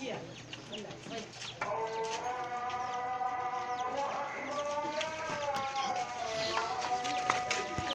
Yeah.